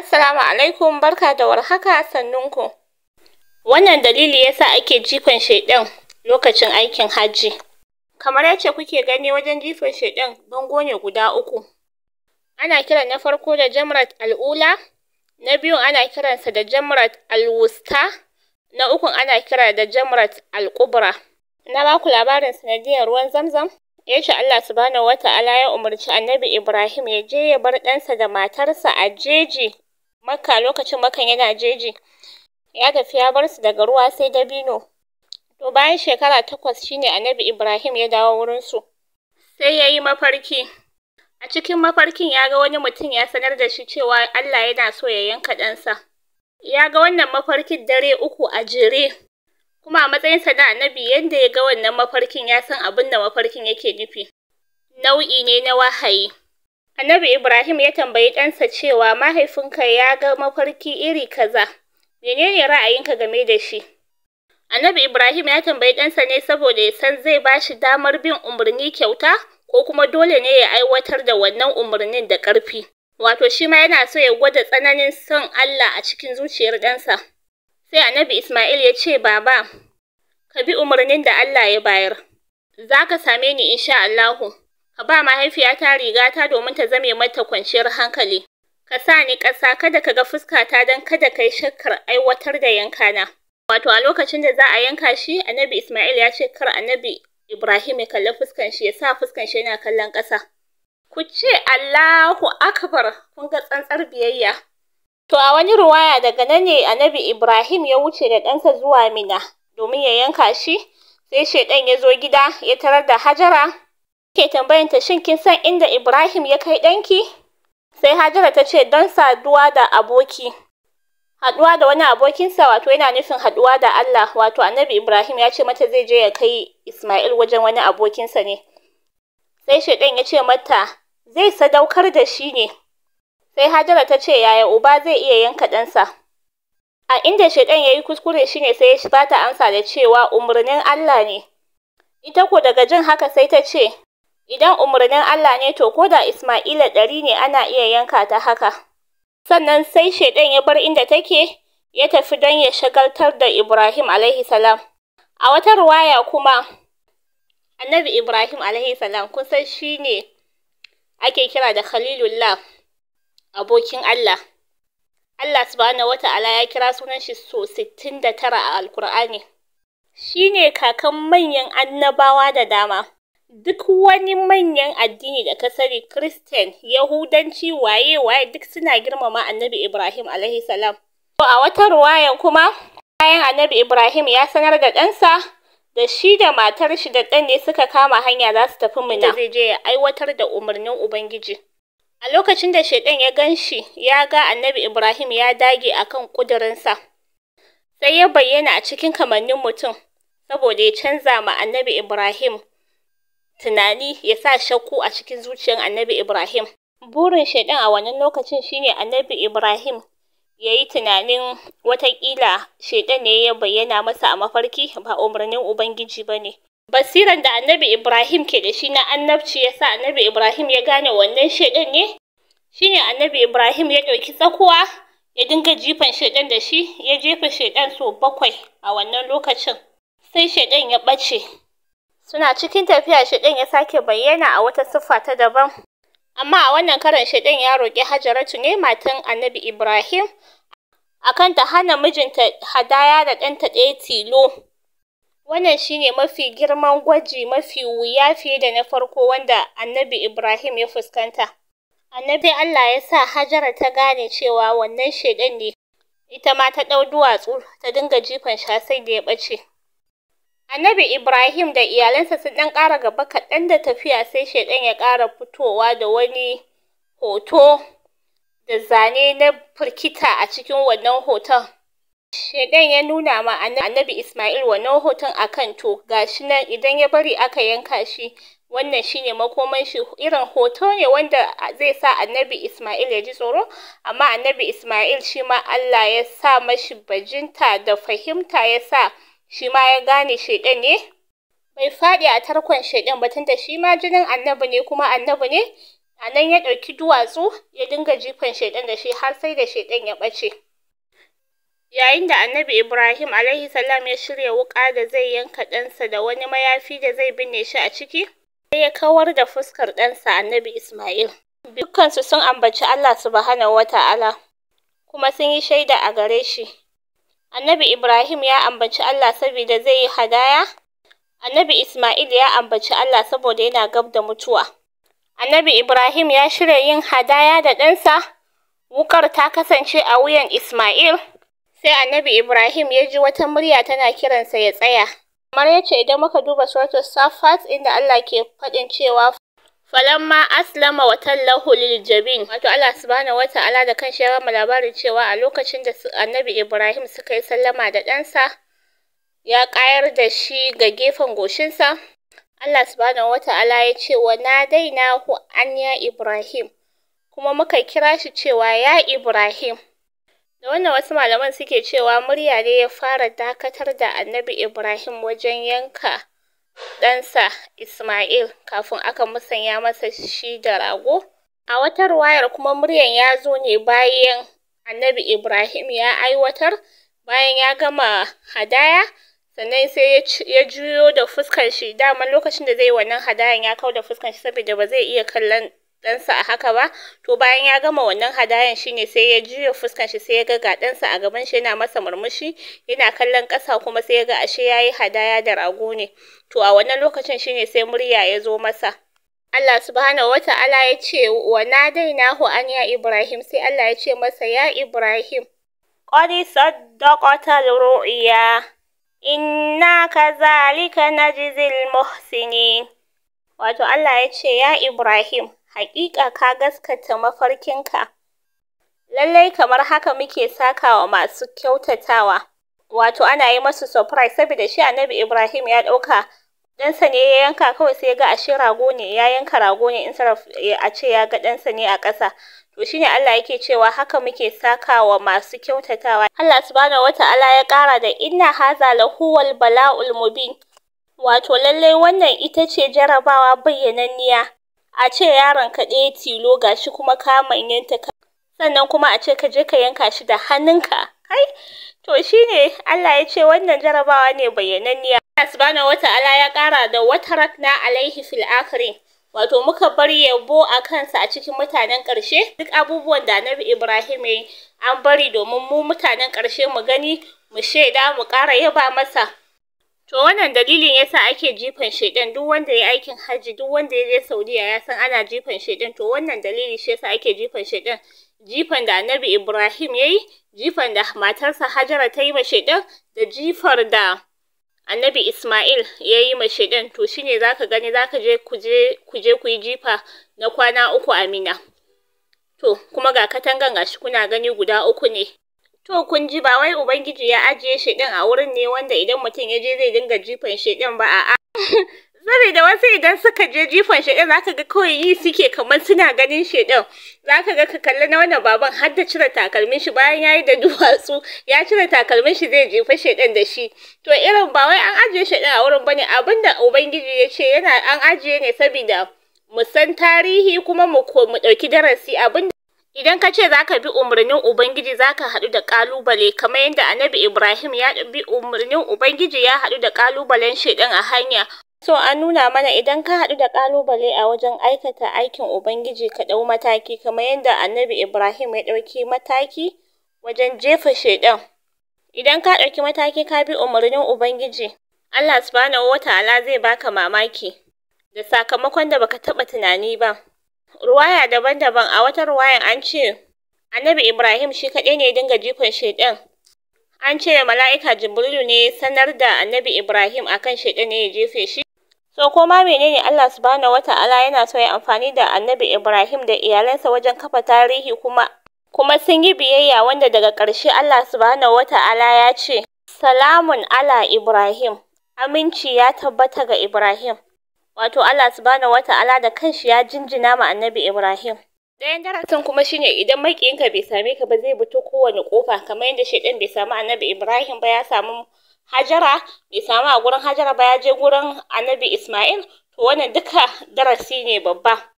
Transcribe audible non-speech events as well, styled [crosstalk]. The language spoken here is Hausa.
Assalamu alaikum barka da warhaka sannunku. Wannan dalili sa ake jifan shaidan lokacin aikin hajji. Kamar yace kuke gani wajen jifan shaidan bango ne guda uku. Ana kiran na farko da jamrat al'ula, na biyu ana kiransa da jamrat al'wusta, na ukun ana kira da jamrat al'kubra. Na baku labarin sanadiyar ruwan zamzam. ya ce Allah wata ala ya umarci Annabi Ibrahim ya je ya bar ɗansa da matarsa a jeji Makka lokacin Makkan yana jeji. Ya tafi ya bar su daga ruwa sai dabino. To bayan shekara takwas shine Annabi Ibrahim ya dawo wurin su. Sai yayi mafarki. A cikin mafarkin ya ga wani mutum ya sanar da shi cewa Allah yana so ya yanka ɗansa. Ya ga wannan mafarkin dare uku a jere. Kuma a matsayinsa na annabi yadda ya ga wannan mafarkin ya san abin da mafarkin yake nufi. Nau'i ne na wahayi. Annabi Ibrahim ya tambayi ɗansa cewa mahaifinka ya ga mafarki iri kaza, menene ra'ayinka game da shi? Annabi Ibrahim ya tambayi ɗansa ne saboda ya san zai ba shi damar bin umarni kyauta ko kuma dole ne ya aiwatar da wannan umarnin da ƙarfi. Wato shi ma yana so ya gwada tsananin son Allah a cikin zuciyar ɗansa. Sai Annabi Ismail ya ce, Baba, ka bi umarnin da Allah ya bayar, za ka same ni insha Allahu. ka ba mahaifiyata rigata domin ta zame mata kwanciyar hankali ka sa ni ƙasa kada ka ga fuskata don kada ka yi shakkar aiwatar da yanka na. wato a lokacin da za a yanka shi annabi Ismail ya ce kar annabi Ibrahim ya kalli fuskan shi ya sa fuskan shi yana kallon ƙasa ku ce Allahu akbar kun ga tsantsar biyayya to a wani ruwaya daga nan ne annabi Ibrahim ya wuce da ɗansa zuwa Mina domin ya yanka shi sai shaiɗan ya zo gida ya tarar da Hajara tambayan tambayanta shin kin san inda Ibrahim ya kai danki? Sai Hajara ta ce don saduwa da aboki. Haduwa da wani abokinsa wato yana nufin haduwa da Allah wato Annabi Ibrahim ya ce mata zai je ya kai Ismail wajen wani abokinsa ne. Sai Shaiɗan ya ce mata zai sadaukar da shi ne. Sai Hajara ta ce yaya uba zai iya yanka ɗansa? A inda Shaiɗan ya yi kuskure shi ne sai ya bata amsa da cewa umarnin Allah ne. Ita ko daga jin haka sai ta ce idan umarnin Allah ne to ko da Isma'ila ɗari ne ana iya yanka ta haka sannan sai shaidan ya bar inda take ya tafi don ya shagaltar da Ibrahim alaihi salam a wata ruwaya kuma annabi Ibrahim alaihi salam kusan shine ake kira da khalilullah abokin Allah Allah subhanahu wata'ala ya kira sunan shi so tara a Alkur'ani shine kakan manyan annabawa da dama duk wani manyan addini da kasari, sani Yahudanci, waye waye duk suna girmama Annabi Ibrahim alaihi salam. To a wata ruwayan kuma bayan Annabi Ibrahim ya sanar da ɗansa da shi da matar shi da ɗan ne suka kama hanya za su tafi Mina. Zai je ya aiwatar da umarnin Ubangiji. A lokacin da Shaiɗan ya gan shi, ya ga Annabi Ibrahim ya dage akan ƙudurinsa. Sai ya bayyana a cikin kamannin mutum saboda ya canza ma Annabi Ibrahim tunani ya sa shakku a cikin zuciyar Annabi Ibrahim burin shaidan a wannan lokacin shine Annabi Ibrahim ya yi tunanin watakila shaidan ne ya bayyana masa a mafarki ba umarnin Ubangiji ba ne basiran da Annabi Ibrahim ke da shi na annabci ya sa Annabi Ibrahim ya gane wannan shaidan ne Shi ne Annabi Ibrahim ya ɗauki tsakuwa ya dinga jifan shaidan da shi ya jefa shaidan sau bakwai a wannan lokacin sai shaidan ya ɓace Suna cikin tafiya shedan ya sake bayyana a wata siffa ta daban. Amma a wannan karan shedan ya roki Hajaratu ne matan Annabi Ibrahim akan ta hana mijinta hadaya da ɗanta ɗaya tilo. Wannan shine mafi girman gwaji mafi wuya fiye da na farko wanda Annabi Ibrahim ya fuskanta. Annabi Allah ya sa Hajara ta gane cewa wannan shedan ne. Ita ma ta ɗau duwatsu ta dinga jifan sha sai da ya ɓace. Annabi Ibrahim da iyalansa sun ɗan kara gaba kaɗan da tafiya sai shaiɗan ya kara fitowa da wani hoto da zane na firkita a cikin wannan hoton. Shaiɗan ya nuna ma Annabi Ismail wannan hoton akan to gashi nan idan ya bari aka yanka shi wannan shine makoman shi irin hoto ne wanda zai sa Annabi Ismail ya ji tsoro amma Annabi Ismail shi ma Allah ya sa mashi bajinta da fahimta ya sa shi ma ya gane shaiɗan ne bai faɗi a tarkon shaiɗan ba tunda shi ma jinin annabi ne kuma annabi ne a nan ya ɗauki duwatsu ya dinga jifan shaiɗan da shi har sai da shaiɗan ya ɓace yayin da annabi Ibrahim alaihi salam ya shirya wuƙa da zai yanka ɗansa da wani mayafi da zai binne shi a ciki sai ya kawar da fuskar ɗansa annabi Ismail dukkansu sun ambaci Allah subhanahu wata'ala kuma sun yi shaida a gare shi Annabi Ibrahim ya ambaci Allah saboda zai yi hadaya. Annabi Ismail ya ambaci Allah saboda yana gab da mutuwa. Annabi Ibrahim ya shirya yin hadaya da ɗansa. Wukar ta kasance a wuyan Ismail. Sai Annabi Ibrahim ya ji wata murya tana kiransa ya tsaya. Kamar yace idan muka duba suratul Saffat inda Allah ke faɗin cewa falamma aslama wa tallahu lil jabin wato Allah subhanahu wata'ala da kan ya labarin cewa a lokacin da Annabi Ibrahim suka yi sallama da ɗansa ya ƙayar da shi ga gefen goshinsa Allah subhanahu wata'ala ya ce wa na daina ku an ya Ibrahim kuma muka kira shi cewa ya Ibrahim da wannan wasu malaman suke cewa murya ne ya fara dakatar da Annabi Ibrahim wajen yanka ɗansa Isma'il kafin aka musanya masa shi da rago. A wata wayar kuma muryan ya zo ne bayan Annabi Ibrahim ya aiwatar, bayan ya gama hadaya, sannan sai ya juyo da fuskar shi, daman lokacin da zai wannan hadayan ya kau da fuskar shi saboda ba zai iya kallon ɗansa a haka ba to bayan ya gama wannan hadayan shine sai ya juya fuskan shi sai ya ga ga ɗansa a gaban shi yana masa murmushi yana kallon ƙasa kuma sai ya ga ashe yayi hadaya da rago ne to a wannan lokacin shine sai murya ya zo masa Allah subhanahu wata'ala ya ce wa nadainahu an ya Ibrahim sai Allah ya ce masa ya Ibrahim qad saddaqata ru'ya inna kazalika najzil muhsinin wato Allah ya ce ya Ibrahim Haƙiƙa ka gaskata mafarkinka. Lallai kamar haka muke sakawa masu kyautatawa. Wato ana yi masu surprise saboda shi Annabi Ibrahim ya ɗauka ɗansa ne ya yanka kawai sai ya ga ashe rago ne ya yanka rago ne in sarraf a ce ya ga ɗansa ne a ƙasa. To shine Allah yake cewa haka muke sakawa masu kyautatawa. Allah subhanahu wata'ala ya ƙara da inna haza lahuwal bala'ul mubin. Wato lallai wannan ita ce jarabawa bayyananniya. a ce yaron ka ɗaya tilo gashi kuma ka manyanta ka sannan kuma a ce ka je ka yanka shi da hannunka kai to shine Allah ya ce wannan jarabawa ne bayyananniya Allah subhanahu wata'ala ya kara da wata rakna alaihi fil akhirin wato muka bar yabo a kansa a cikin mutanen ƙarshe duk abubuwan da Annabi Ibrahim ya an bari domin mu mutanen ƙarshe mu gani mu shaida mu kara yaba masa To wannan dalilin yasa ake jifan shedan duk wanda ya aikin hajji duk wanda ya je Saudiya ya san ana jifan shedan to wannan dalili shi yasa ake jifan shedan jifan da Annabi Ibrahim yayi jifan da matarsa Hajara ta yi ma shedan da jifar da Annabi Ismail yayi ma shedan to shine zaka gani zaka je kuje kuje ku yi jifa na kwana uku a Minna? to kuma ga katangan gashi kuna gani guda uku ne To kun ji ba wai Ubangiji ya ajiye shaidan a wurin ne wanda idan mutum ya je zai dinga jifan shaidan ba a'a. zare [laughs] da wasu idan suka je jifan shaidan zaka ga kawai yi suke kamar suna ganin shaidan. Zaka ga ka kalli na wannan baban har da cire takalmin shi bayan yayi da duwatsu ya cire takalmin shi zai jefa shaidan da shi. To irin ba wai an ajiye shaidan a wurin bane abinda Ubangiji ya ce yana an ajiye ne sabida mu san tarihi kuma mu ɗauki darasi abinda Idan ka ce za ka bi umarnin Ubangiji za ka haɗu da ƙalubale, kamar yadda Annabi Ibrahim ya bi umarnin Ubangiji ya haɗu da ƙalubalen Shaiɗan a hanya. So an nuna mana idan ka haɗu da ƙalubale a wajen aikata aikin Ubangiji ka ɗau mataki, kamar yadda Annabi Ibrahim ya ɗauki mataki wajen jefa Shaiɗan. Idan ka ɗauki mataki ka bi umarnin Ubangiji, Allah subhanahu wa ta'ala zai baka mamaki da sakamakon da baka taɓa tunani ba. ruwaya daban-daban a wata ruwayan an ce annabi Ibrahim shi kaɗai ne dinga jikon shaidan an ce mala'ika Jibrilu ne sanar da annabi Ibrahim akan shaidan ne ya jefe shi so ko ma menene Allah subhanahu wata'ala yana so ya amfani da annabi Ibrahim da iyalansa wajen kafa tarihi kuma kuma sun yi biyayya wanda daga ƙarshe Allah subhanahu wata'ala ya ce salamun ala Ibrahim aminci ya tabbata ga Ibrahim Wato Allah wata wata'ala da shi ya jinjina ma Annabi Ibrahim. Ɗayan darasin kuma shine idan maƙiyinka bai same ka ba zai bi kowane ƙofa kamar yadda shaidan bai samu Annabi Ibrahim ba ya samu Hajara bai samu a gurin Hajara ba ya je gurin Annabi Isma'il to wannan duka darasi ne babba.